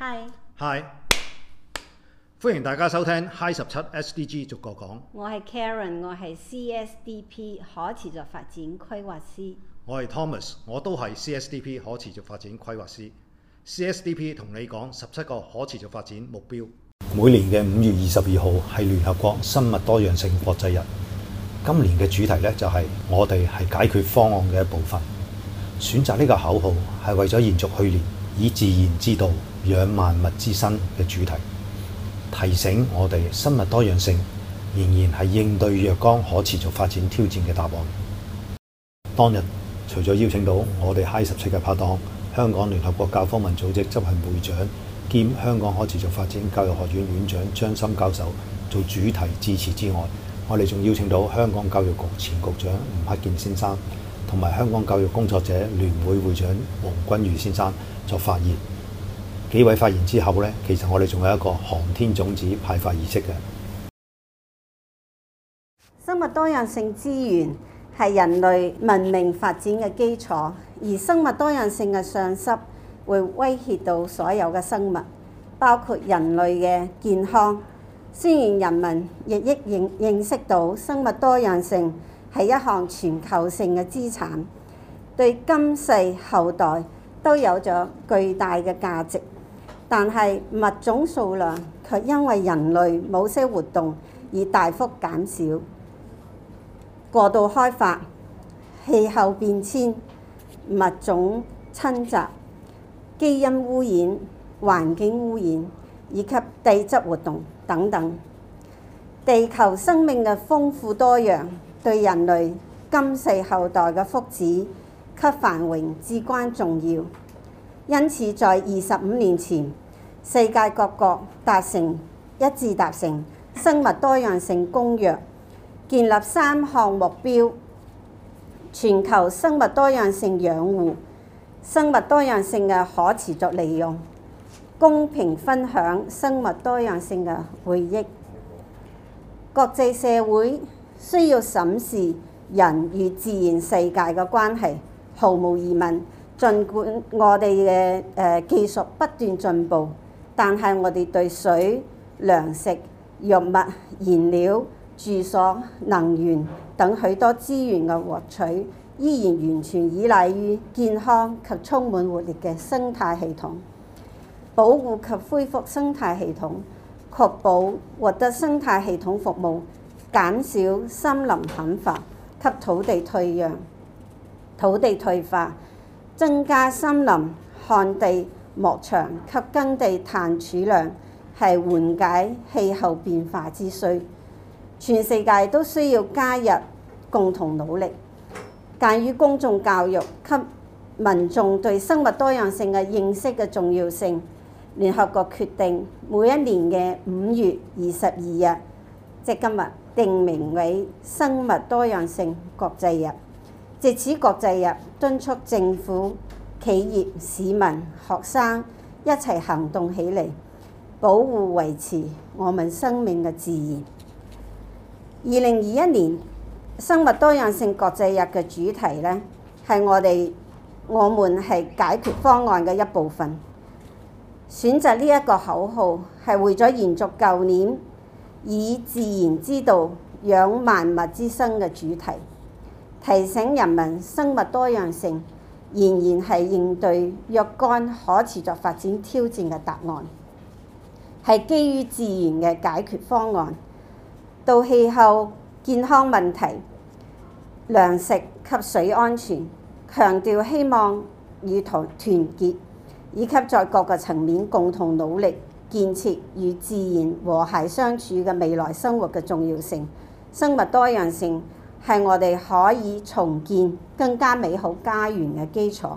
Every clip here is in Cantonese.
Hi. Hi，歡迎大家收聽 Hi 十七 SDG 逐個講。我係 Karen，我係 CSDP 可持續發展規劃師。我係 Thomas，我都係 CSDP 可持續發展規劃師。CSDP 同你講十七個可持續發展目標。每年嘅五月二十二號係聯合國生物多樣性國際日，今年嘅主題呢，就係我哋係解決方案嘅一部分。選擇呢個口號係為咗延續去年。以自然之道養萬物之身嘅主題，提醒我哋生物多樣性仍然係應對若干可持續發展挑戰嘅答案。當日除咗邀請到我哋 High 十七嘅拍檔，香港聯合國教科文組織執行會長兼香港可持續發展教育學院院、院長張森教授做主題致辭之外，我哋仲邀請到香港教育局前局長吳克儉先生同埋香港教育工作者聯會會、會長黃均瑜先生。作發言，幾位發言之後咧，其實我哋仲有一個航天種子派發儀式嘅。生物多樣性資源係人類文明發展嘅基礎，而生物多樣性嘅喪失會威脅到所有嘅生物，包括人類嘅健康。雖然人民亦亦認認識到生物多樣性係一項全球性嘅資產，對今世後代。都有咗巨大嘅價值，但係物種數量卻因為人類某些活動而大幅減少。過度開發、氣候變遷、物種侵襲、基因污染、環境污染以及地質活動等等，地球生命嘅豐富多樣對人類今世後代嘅福祉。及繁榮至關重要，因此在二十五年前，世界各國達成一致，達成生物多樣性公約，建立三項目標：全球生物多樣性養護、生物多樣性嘅可持續利用、公平分享生物多樣性嘅回憶。國際社會需要審視人與自然世界嘅關係。毫無疑問，儘管我哋嘅、呃、技術不斷進步，但係我哋對水、糧食、藥物、燃料、住所、能源等許多資源嘅獲取，依然完全依賴於健康及充滿活力嘅生態系統。保護及恢復生態系統，確保獲得生態系統服務，減少森林砍伐及土地退讓。土地退化、增加森林、旱地、牧場及耕地碳儲量係緩解氣候變化之需。全世界都需要加入共同努力。鑒於公眾教育及民眾對生物多樣性嘅認識嘅重要性，聯合國決定每一年嘅五月二十二日，即今日，定名為生物多樣性國際日。藉此國際日，敦促政府、企業、市民、學生一齊行動起嚟，保護維持我們生命嘅自然。二零二一年生物多樣性國際日嘅主題呢，係我哋、我們係解決方案嘅一部分。選擇呢一個口號，係為咗延續舊年以自然之道養萬物之生嘅主題。提醒人民，生物多樣性仍然係應對若干可持續發展挑戰嘅答案，係基於自然嘅解決方案。到氣候健康問題、糧食及水安全，強調希望與團結，以及在各個層面共同努力，建設與自然和諧相處嘅未來生活嘅重要性。生物多樣性。係我哋可以重建更加美好家園嘅基礎。二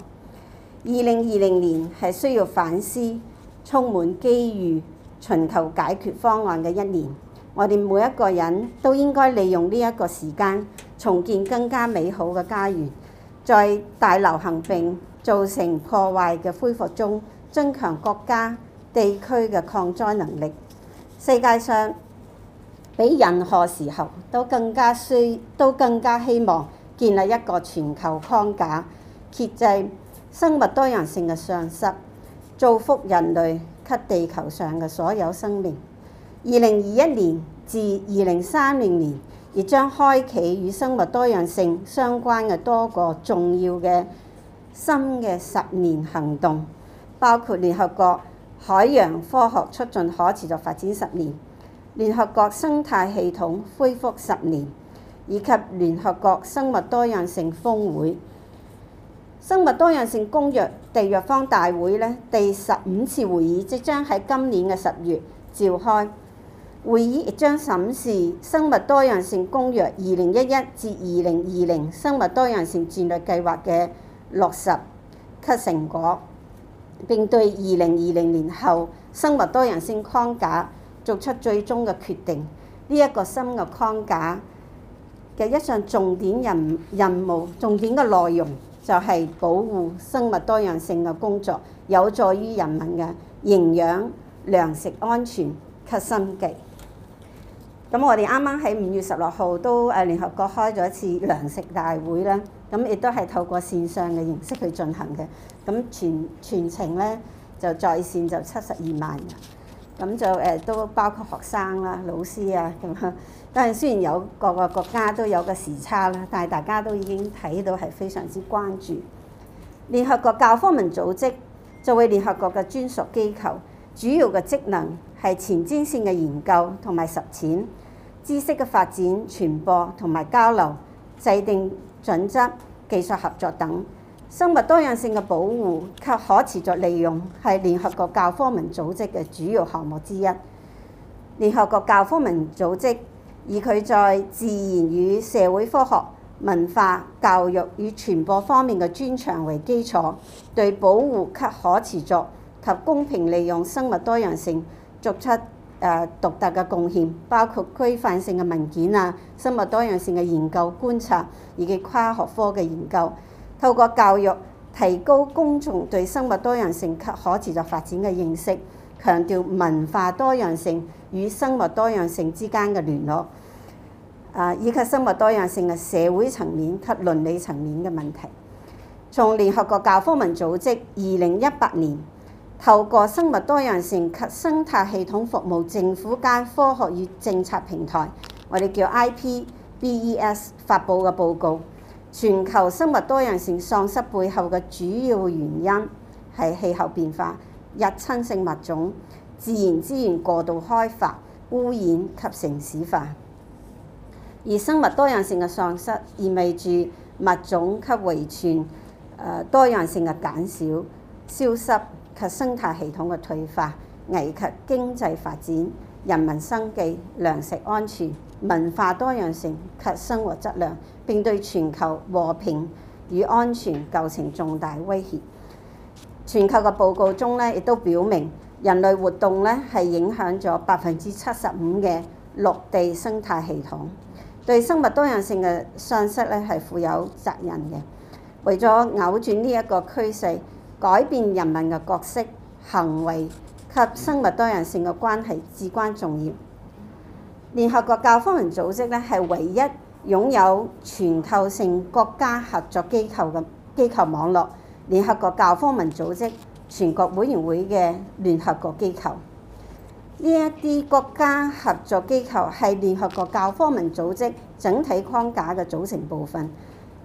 零二零年係需要反思、充滿機遇、尋求解決方案嘅一年。我哋每一個人都應該利用呢一個時間，重建更加美好嘅家園，在大流行病造成破壞嘅恢復中，增強國家地區嘅抗災能力。世界上比任何時候都更加需，都更加希望建立一個全球框架，遏制生物多樣性嘅喪失，造福人類及地球上嘅所有生命。二零二一年至二零三零年，亦將開啓與生物多樣性相關嘅多個重要嘅新嘅十年行動，包括聯合國海洋科學促進可持續發展十年。聯合國生態系統恢復十年，以及聯合國生物多樣性峰會、生物多樣性公約締約方大會呢，第十五次會議即將喺今年嘅十月召開。會議亦將審視《生物多樣性公約》二零一一至二零二零生物多樣性戰略計劃嘅落實及成果，並對二零二零年後生物多樣性框架做出最終嘅決定。呢、這、一個新嘅框架嘅一項重點任任務、重點嘅內容就係保護生物多樣性嘅工作，有助於人民嘅營養、糧食安全及生計。咁我哋啱啱喺五月十六號都誒聯合國開咗一次糧食大會啦。咁亦都係透過線上嘅形式去進行嘅。咁全全程咧就在線就七十二萬人。咁就誒、呃、都包括學生啦、啊、老師啊咁啊，但係雖然有各個國家都有個時差啦、啊，但係大家都已經睇到係非常之關注。聯合國教科文組織作為聯合國嘅專屬機構，主要嘅職能係前瞻性嘅研究同埋實踐、知識嘅發展、傳播同埋交流、制定準則、技術合作等。生物多樣性嘅保護及可持續利用係聯合國教科文組織嘅主要項目之一。聯合國教科文組織以佢在自然與社會科學、文化、教育與傳播方面嘅專長為基礎，對保護及可持續及公平利用生物多樣性作出誒、呃、獨特嘅貢獻，包括規範性嘅文件啊、生物多樣性嘅研究觀察以及跨學科嘅研究。透過教育提高公眾對生物多樣性及可持續發展嘅認識，強調文化多樣性與生物多樣性之間嘅聯絡，啊，以及生物多樣性嘅社會層面及倫理層面嘅問題。從聯合國教科文組織二零一八年透過生物多樣性及生態系統服務政府間科學與政策平台，我哋叫 IPBES，發布嘅報告。全球生物多樣性喪失背後嘅主要原因係氣候變化、入侵性物種、自然資源過度開發、污染及城市化。而生物多樣性嘅喪失意味住物種及遺傳、呃、多樣性嘅減少、消失及生態系統嘅退化，危及經濟發展、人民生計、糧食安全。文化多樣性及生活質量，並對全球和平與安全構成重大威脅。全球嘅報告中呢亦都表明人類活動呢，係影響咗百分之七十五嘅陸地生態系統，對生物多樣性嘅喪失呢，係負有責任嘅。為咗扭轉呢一個趨勢，改變人民嘅角色行為及生物多樣性嘅關係至關重要。聯合國教科文組織咧係唯一擁有全球性國家合作機構嘅機構網絡。聯合國教科文組織全國委員會嘅聯合國機構，呢一啲國家合作機構係聯合國教科文組織整體框架嘅組成部分。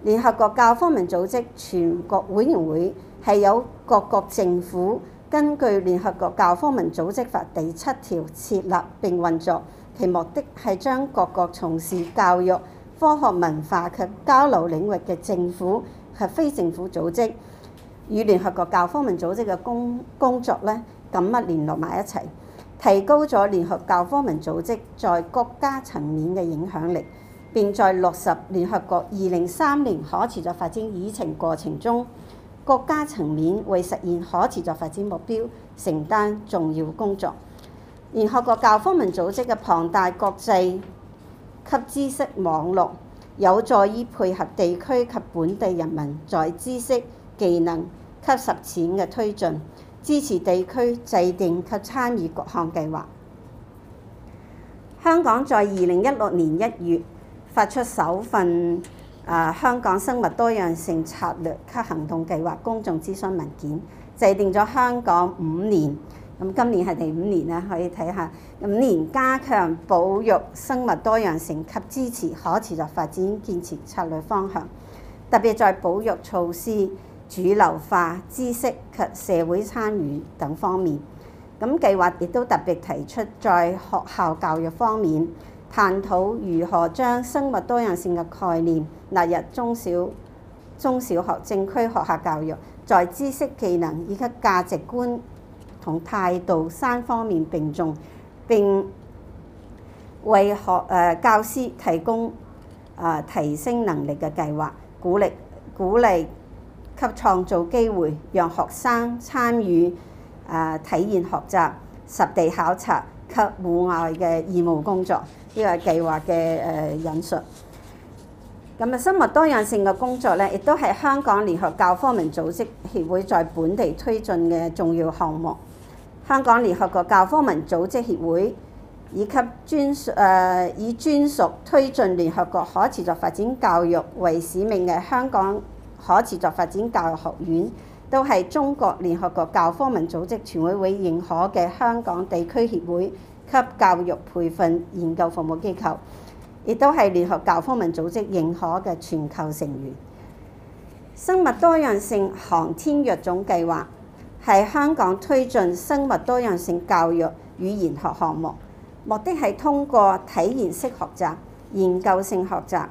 聯合國教科文組織全國委員會係由各國政府根據聯合國教科文組織法第七條設立並運作。其目的係將各國從事教育、科學、文化及交流領域嘅政府及非政府組織，與聯合國教科文組織嘅工工作呢緊密聯絡埋一齊，提高咗聯合教科文組織在國家層面嘅影響力，並在落實聯合國二零三年可持續發展議程過程中，國家層面為實現可持續發展目標承擔重要工作。聯合國教科文組織嘅龐大國際級知識網絡，有助於配合地區及本地人民在知識、技能及實踐嘅推進，支持地區制定及參與各項計劃。香港在二零一六年一月發出首份、呃、香港生物多樣性策略及行動計劃公眾諮詢文件，制定咗香港五年。咁今年係第五年啦，可以睇下五年加強保育生物多樣性及支持可持續發展建設策略方向，特別在保育措施主流化、知識及社會參與等方面。咁計劃亦都特別提出，在學校教育方面，探討如何將生物多樣性嘅概念納入中小中小學正規學校教育，在知識技能以及價值觀。同態度三方面並重，並為學誒、呃、教師提供誒、呃、提升能力嘅計劃，鼓勵鼓勵及創造機會，讓學生參與誒體驗學習、實地考察及戶外嘅義務工作。呢、這個係計劃嘅誒引述。咁啊，生物多樣性嘅工作咧，亦都係香港聯合教科文組織協會在本地推進嘅重要項目。香港聯合國教科文組織協會，以及專屬誒、呃、以專屬推進聯合國可持續發展教育為使命嘅香港可持續發展教育學院，都係中國聯合國教科文組織全委會認可嘅香港地區協會及教育培訓研究服務機構，亦都係聯合教科文組織認可嘅全球成員。生物多樣性航天育種計劃。係香港推進生物多樣性教育與研學項目，目的係通過體驗式學習、研究性學習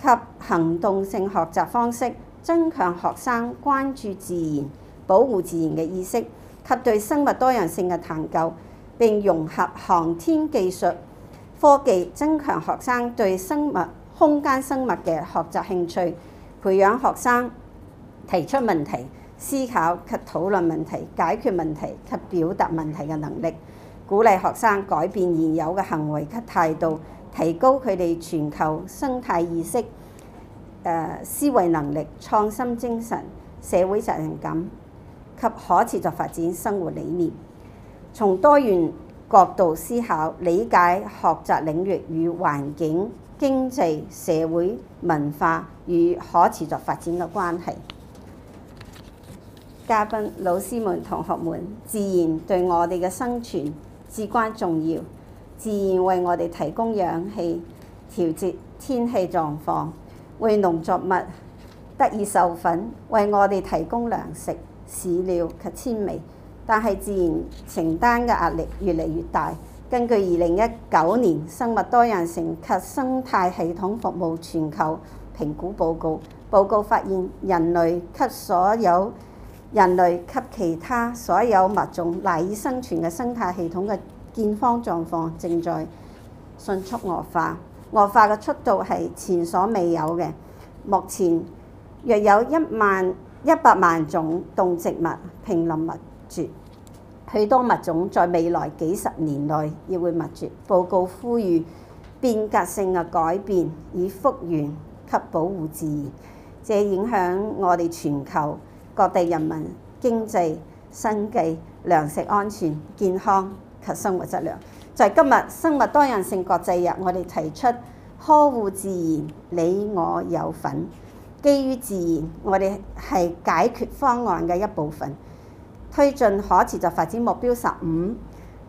及行動性學習方式，增強學生關注自然、保護自然嘅意識及對生物多樣性嘅探究，並融合航天技術科技，增強學生對生物、空間生物嘅學習興趣，培養學生提出問題、思考及討論問題、解決問題及表達問題嘅能力，鼓勵學生改變現有嘅行為及態度，提高佢哋全球生態意識、誒、呃、思維能力、創新精神、社會責任感及可持續發展生活理念。從多元角度思考、理解學習領域與環境、經濟、社會、文化與可持續發展嘅關係。嘉賓、老師們、同學們，自然對我哋嘅生存至關重要，自然為我哋提供氧氣，調節天氣狀況，為農作物得以授粉、為我哋提供糧食、飼料及纖維，但係自然承擔嘅壓力越嚟越大。根據二零一九年《生物多樣性及生態系統服務全球評估報告》，報告發現人類給所有人類及其他所有物種賴以生存嘅生態系統嘅健康狀況正在迅速惡化，惡化嘅速度係前所未有嘅。目前約有一萬一百萬種動植物瀕臨滅絕，許多物種在未來幾十年內亦會滅絕。報告呼籲變革性嘅改變以復原及保護自然，這影響我哋全球。各地人民經濟生計、糧食安全、健康及生活質量，在、就是、今日生物多樣性國際日，我哋提出呵護自然，你我有份。基於自然，我哋係解決方案嘅一部分，推進可持續發展目標十五，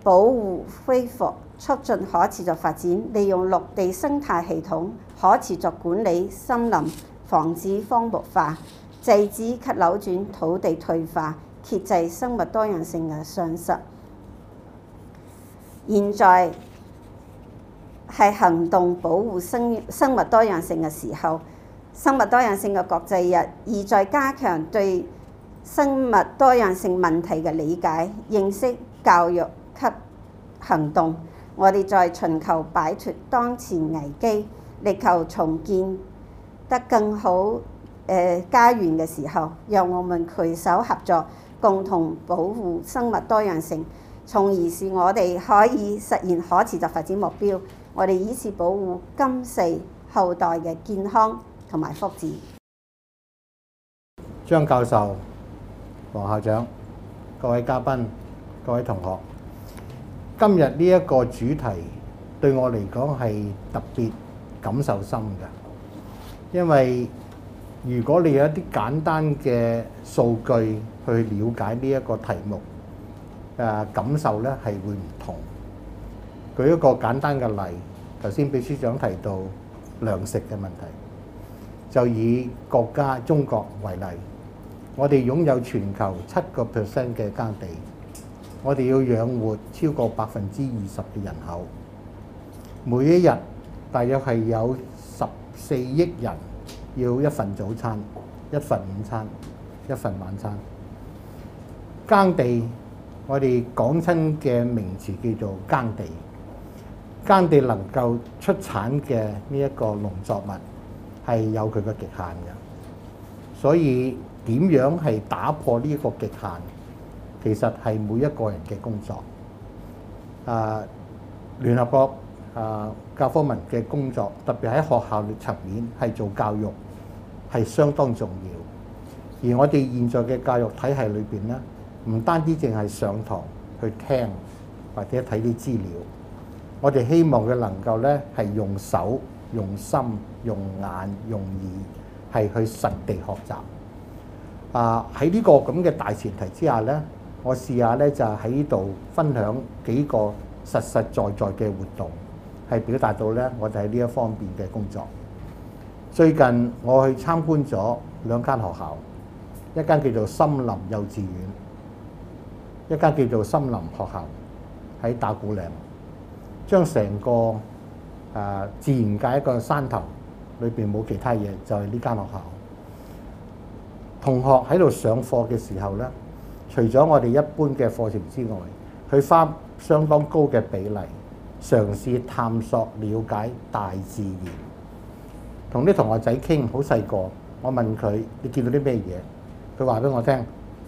保護恢復，促進可持續發展，利用陸地生態系統可持續管理森林，防止荒漠化。制止及扭轉土地退化、遏制生物多樣性嘅喪失。現在係行動保護生生物多樣性嘅時候，生物多樣性嘅國際日，而在加強對生物多樣性問題嘅理解、認識、教育及行動。我哋在尋求擺脫當前危機，力求重建得更好。誒家園嘅時候，讓我們攜手合作，共同保護生物多樣性，從而是我哋可以實現可持續發展目標。我哋以此保護今世後代嘅健康同埋福祉。張教授、黃校長、各位嘉賓、各位同學，今日呢一個主題對我嚟講係特別感受深嘅，因為如果你有一啲簡單嘅數據去了解呢一個題目，誒、啊、感受咧，係會唔同。舉一個簡單嘅例，頭先秘書長提到糧食嘅問題，就以國家中國為例，我哋擁有全球七個 percent 嘅耕地，我哋要養活超過百分之二十嘅人口，每一日大約係有十四億人。要一份早餐，一份午餐，一份晚餐。耕地，我哋講親嘅名詞叫做耕地。耕地能夠出產嘅呢一個農作物，係有佢嘅極限嘅。所以點樣係打破呢個極限，其實係每一個人嘅工作。啊，聯合國，啊，教科文嘅工作，特別喺學校層面係做教育，係相當重要。而我哋現在嘅教育體系裏邊咧，唔單止淨係上堂去聽或者睇啲資料，我哋希望佢能夠咧係用手、用心、用眼、用耳係去實地學習啊，喺呢個咁嘅大前提之下咧，我試下咧就喺度分享幾個實實在在嘅活動。係表達到咧，我哋喺呢一方面嘅工作。最近我去參觀咗兩間學校，一間叫做森林幼稚園，一間叫做森林學校，喺打鼓嶺，將成個誒、啊、自然界一個山頭裏邊冇其他嘢，就係、是、呢間學校。同學喺度上課嘅時候咧，除咗我哋一般嘅課程之外，佢花相當高嘅比例。嘗試探索了解大自然，同啲同學仔傾好細個，我問佢：你見到啲咩嘢？佢話俾我聽：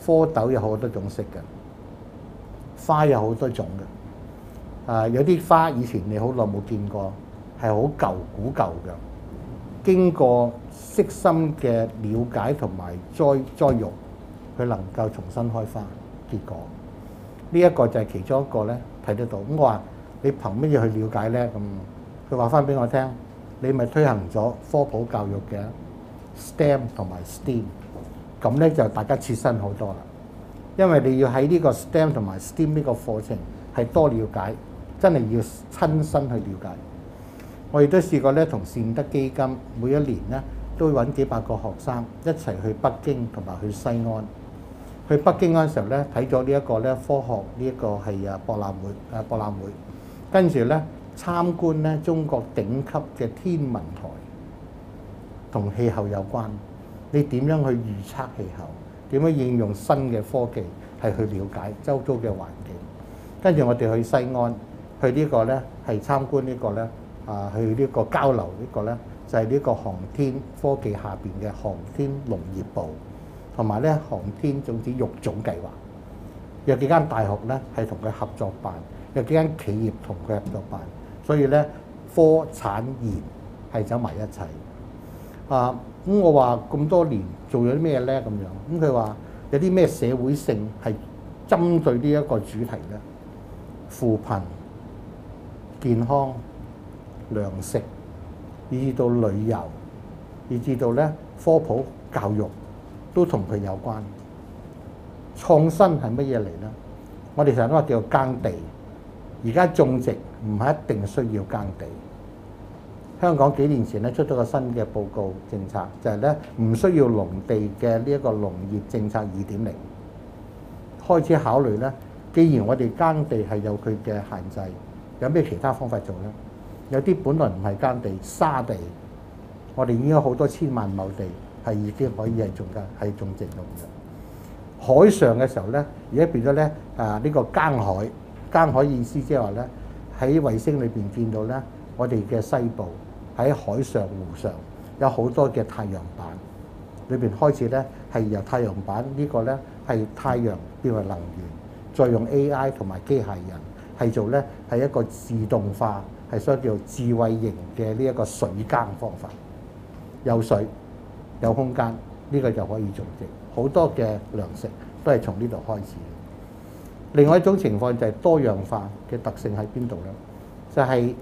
蝌蚪有好多種色嘅，花有好多種嘅。啊，有啲花以前你好耐冇見過，係好舊古舊嘅。經過悉心嘅了解同埋栽栽育，佢能夠重新開花結果。呢、這、一個就係其中一個呢，睇得到咁我話。你憑乜嘢去了解呢？咁佢話翻俾我聽，你咪推行咗科普教育嘅 STEM 同埋 STEAM，咁呢就大家切身好多啦。因為你要喺呢個 STEM 同埋 STEAM 呢個課程係多了解，真係要親身去了解。我亦都試過呢，同善德基金每一年呢，都會揾幾百個學生一齊去北京同埋去西安。去北京嗰陣時候呢，睇咗呢一個呢科學呢一個係啊博覽會，啊博覽會。跟住呢，參觀呢中國頂級嘅天文台，同氣候有關。你點樣去預測氣候？點樣應用新嘅科技係去了解周遭嘅環境？跟住我哋去西安，去呢個呢，係參觀呢個呢，啊，去呢個交流呢個呢，就係呢個航天科技下邊嘅航天農業部，同埋呢航天種子育種計劃，有幾間大學呢，係同佢合作辦。有幾間企業同佢入咗班，所以咧科、產、研係走埋一齊啊！咁我話咁多年做咗啲咩咧？咁樣咁佢話有啲咩社會性係針對呢一個主題咧？扶貧、健康、糧食，以至到旅遊，以至到咧科普教育都同佢有關。創新係乜嘢嚟咧？我哋成日都話叫做耕地。而家種植唔係一定需要耕地。香港幾年前咧出咗個新嘅報告政策，就係咧唔需要農地嘅呢一個農業政策二點零，開始考慮咧。既然我哋耕地係有佢嘅限制，有咩其他方法做咧？有啲本來唔係耕地、沙地，我哋已經有好多千萬畝地係已經可以係種嘅係種植咗。其實海上嘅時候咧，而家變咗咧啊呢個耕海。耕海意思即係話咧，喺衛星裏邊見到咧，我哋嘅西部喺海上湖上有好多嘅太陽板，裏邊開始咧係由太陽板、呢個、呢個咧係太陽變為能源，再用 AI 同埋機械人係做咧係一個自動化係所以叫智慧型嘅呢一個水耕方法，有水有空間呢、呢個就可以種植，好多嘅糧食都係從呢度開始。另外一種情況就係多樣化嘅特性喺邊度咧？就係、是、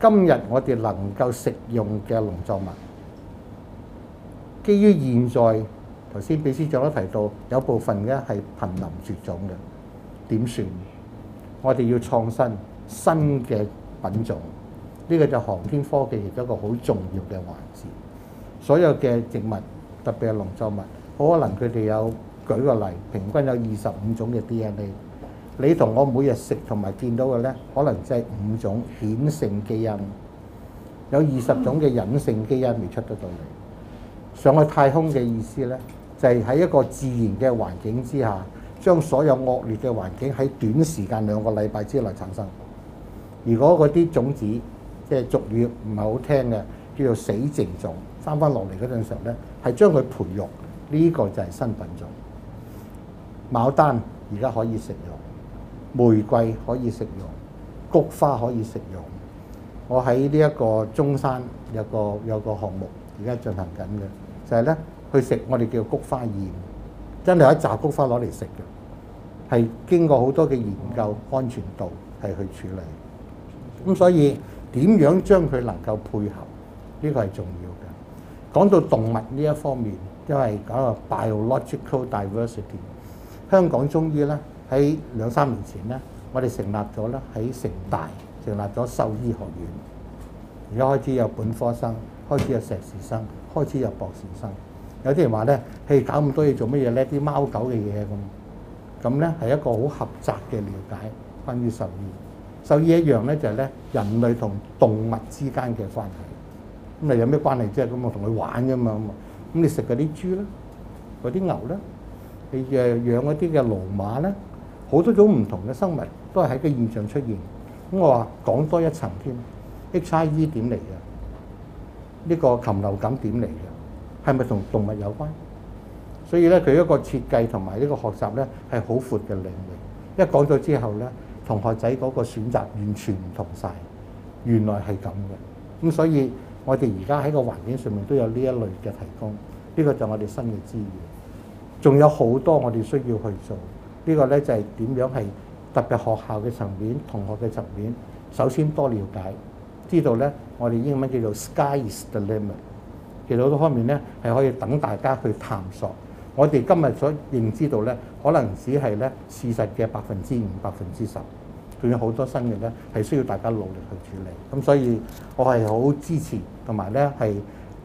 今日我哋能夠食用嘅農作物，基於現在頭先秘書長都提到，有部分咧係瀕臨絕種嘅，點算？我哋要創新新嘅品種，呢、這個就航天科技亦都一個好重要嘅環節。所有嘅植物，特別係農作物，可能佢哋有舉個例，平均有二十五種嘅 D N A。你同我每日食同埋見到嘅咧，可能就係五種顯性基因，有二十種嘅隱性基因未出得到嚟。上去太空嘅意思咧，就係喺一個自然嘅環境之下，將所有惡劣嘅環境喺短時間兩個禮拜之內產生。如果嗰啲種子即係俗語唔係好聽嘅，叫做死靜種，生翻落嚟嗰陣時候咧，係將佢培育呢個就係新品種。牡丹而家可以食用。玫瑰可以食用，菊花可以食用。我喺呢一個中山有個有個項目，而家進行緊嘅，就係、是、咧去食我哋叫菊花鹽，真係一扎菊花攞嚟食嘅，係經過好多嘅研究，安全度係去處理。咁所以點樣將佢能夠配合呢、這個係重要嘅。講到動物呢一方面，因為搞個 biological diversity，香港中醫咧。喺兩三年前咧，我哋成立咗咧喺城大成立咗獸醫學院，而家開始有本科生，開始有碩士生，開始有博士生。有啲人話咧，嘿搞咁多嘢做乜嘢咧？啲貓狗嘅嘢咁，咁咧係一個好狹窄嘅瞭解關於獸醫。獸醫一樣咧就係咧人類同動物之間嘅關係。咁啊有咩關係？即係咁我同佢玩啫嘛咁啊。咁你食嗰啲豬咧，嗰啲牛咧，你誒養一啲嘅駱馬咧？好多種唔同嘅生物都係喺個現象出現。咁我話講多一層添，HIE 點嚟嘅？呢個禽流感點嚟嘅？係咪同動物有關？所以咧，佢一個設計同埋呢個學習咧係好闊嘅領域。一講咗之後咧，同學仔嗰個選擇完全唔同晒，原來係咁嘅。咁所以我哋而家喺個環境上面都有呢一類嘅提供。呢個就我哋新嘅資源。仲有好多我哋需要去做。呢個呢，就係點樣係特別學校嘅層面、同學嘅層面，首先多了解，知道呢，我哋英文叫做 Sky is the limit，其實好多方面呢，係可以等大家去探索。我哋今日所認知到呢，可能只係呢事實嘅百分之五、百分之十，仲有好多新嘅呢，係需要大家努力去處理。咁所以，我係好支持同埋呢係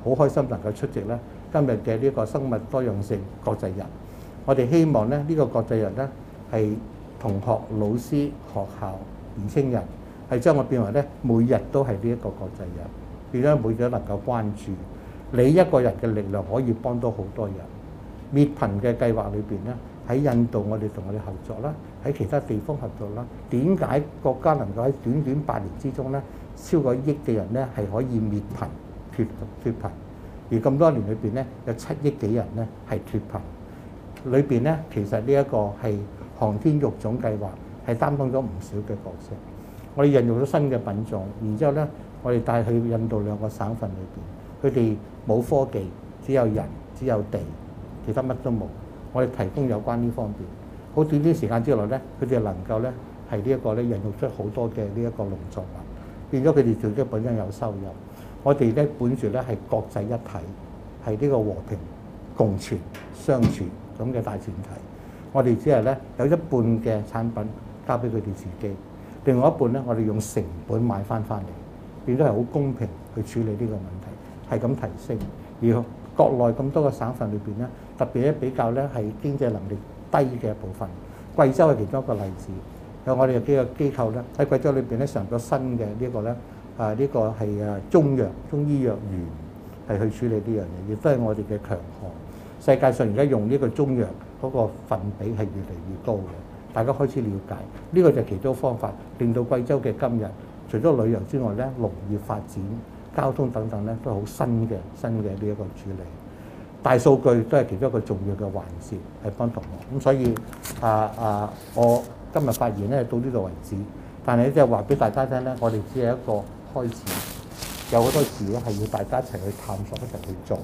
好開心能夠出席呢今日嘅呢個生物多樣性國際日。我哋希望咧，呢、這個國際人呢，係同學、老師、學校、年青人係將我變為咧，每日都係呢一個國際人。變咗每日都能夠關注你一個人嘅力量可以幫到好多人。滅貧嘅計劃裏邊呢，喺印度我哋同我哋合作啦，喺其他地方合作啦。點解國家能夠喺短短八年之中呢，超過億嘅人呢係可以滅貧脱脱貧？而咁多年裏邊呢，有七億幾人呢係脱貧。裏邊咧，其實呢一個係航天育種計劃係擔當咗唔少嘅角色。我哋引入咗新嘅品種，然之後呢，我哋帶去印度兩個省份裏邊，佢哋冇科技，只有人，只有地，其他乜都冇。我哋提供有關呢方面，好短啲時間之內呢，佢哋能夠呢，係呢一個呢引入出好多嘅呢一個農作物，變咗佢哋自己本身有收入。我哋呢，本住呢係國際一體，係呢個和平共存相處。咁嘅大前提，我哋只係咧有一半嘅產品交俾佢哋自己，另外一半咧我哋用成本買翻翻嚟，變都係好公平去處理呢個問題，係咁提升。而國內咁多個省份裏邊咧，特別咧比較咧係經濟能力低嘅一部分，貴州係其中一個例子。我有我哋幾個機構咧喺貴州裏邊咧上咗新嘅呢、啊呢個咧，啊呢個係啊中藥中醫藥園係去處理呢樣嘢，亦都係我哋嘅強項。世界上而家用呢個中藥嗰個份比係越嚟越高嘅，大家開始了解呢個就係其中方法，令到貴州嘅今日除咗旅遊之外咧，農業發展、交通等等咧都好新嘅、新嘅呢一個處理。大數據都係其中一個重要嘅環節，係幫助我咁，所以啊啊，我今日發言咧到呢度為止，但係即係話俾大家聽咧，我哋只係一個開始，有好多事咧係要大家一齊去探索，一齊去做。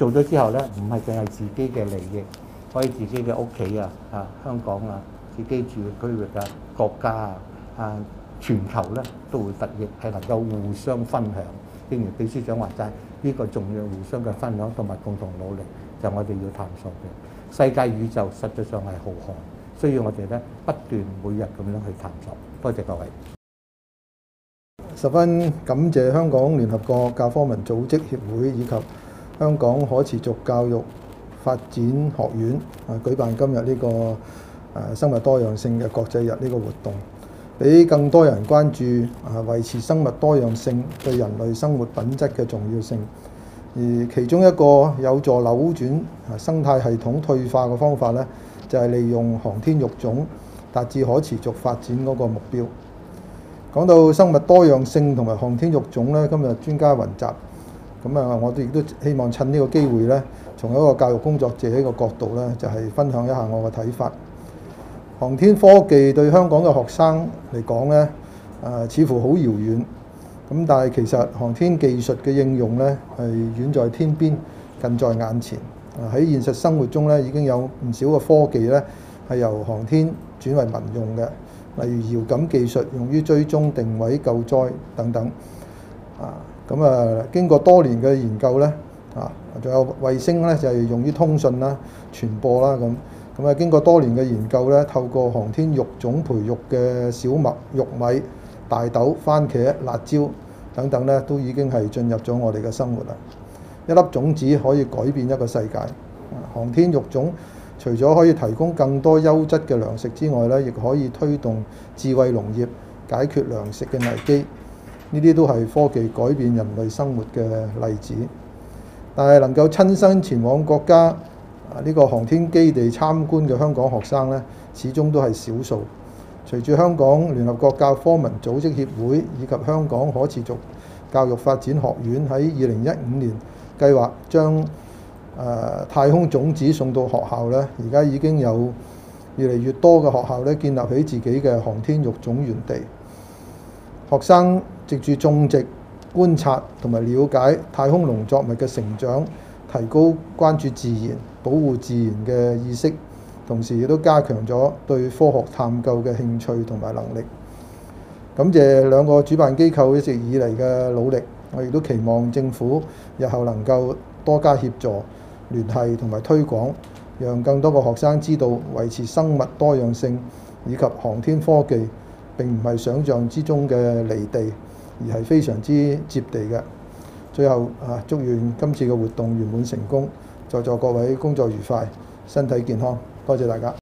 做咗之後呢，唔係淨係自己嘅利益，可以自己嘅屋企啊、啊香港啊、自己住嘅區域啊、國家啊、啊全球呢，都會得益，係能夠互相分享。正如秘書長話齋，呢個重要互相嘅分享同埋共同努力，就我哋要探索嘅世界宇宙，實際上係浩瀚，需要我哋呢不斷每日咁樣去探索。多謝各位，十分感謝香港聯合國教科文組織協會以及。香港可持續教育發展學院啊，舉辦今日呢個誒，生物多樣性嘅國際日呢個活動，俾更多人關注啊，維持生物多樣性對人類生活品質嘅重要性。而其中一個有助扭轉生態系統退化嘅方法呢，就係利用航天育種達至可持續發展嗰個目標。講到生物多樣性同埋航天育種呢，今日專家雲集。咁啊，我哋亦都希望趁呢個機會咧，從一個教育工作者呢個角度咧，就係分享一下我嘅睇法。航天科技對香港嘅學生嚟講咧，啊，似乎好遙遠。咁但係其實航天技術嘅應用咧，係遠在天邊，近在眼前。啊，喺現實生活中咧，已經有唔少嘅科技咧，係由航天轉為民用嘅，例如遙感技術用於追蹤定位、救災等等，啊。咁啊，經過多年嘅研究咧，啊，仲有衛星咧就係用於通訊啦、傳播啦咁。咁啊，經過多年嘅研究咧，透過航天育種培育嘅小麥、玉米、大豆、番茄、辣椒等等咧，都已經係進入咗我哋嘅生活啦。一粒種子可以改變一個世界。航天育種除咗可以提供更多優質嘅糧食之外咧，亦可以推動智慧農業，解決糧食嘅危機。呢啲都係科技改變人類生活嘅例子，但係能夠親身前往國家啊呢個航天基地參觀嘅香港學生呢，始終都係少數。隨住香港聯合國教科文組織協會以及香港可持續教育發展學院喺二零一五年計劃將誒太空種子送到學校呢，而家已經有越嚟越多嘅學校呢，建立起自己嘅航天育種園地，學生，藉住種植、觀察同埋了解太空農作物嘅成長，提高關注自然、保護自然嘅意識，同時亦都加強咗對科學探究嘅興趣同埋能力。感謝兩個主辦機構一直以嚟嘅努力，我亦都期望政府日後能夠多加協助、聯繫同埋推廣，讓更多嘅學生知道維持生物多樣性以及航天科技並唔係想像之中嘅離地。而係非常之接地嘅。最後啊，祝願今次嘅活動圓滿成功，在座各位工作愉快、身體健康。多謝大家。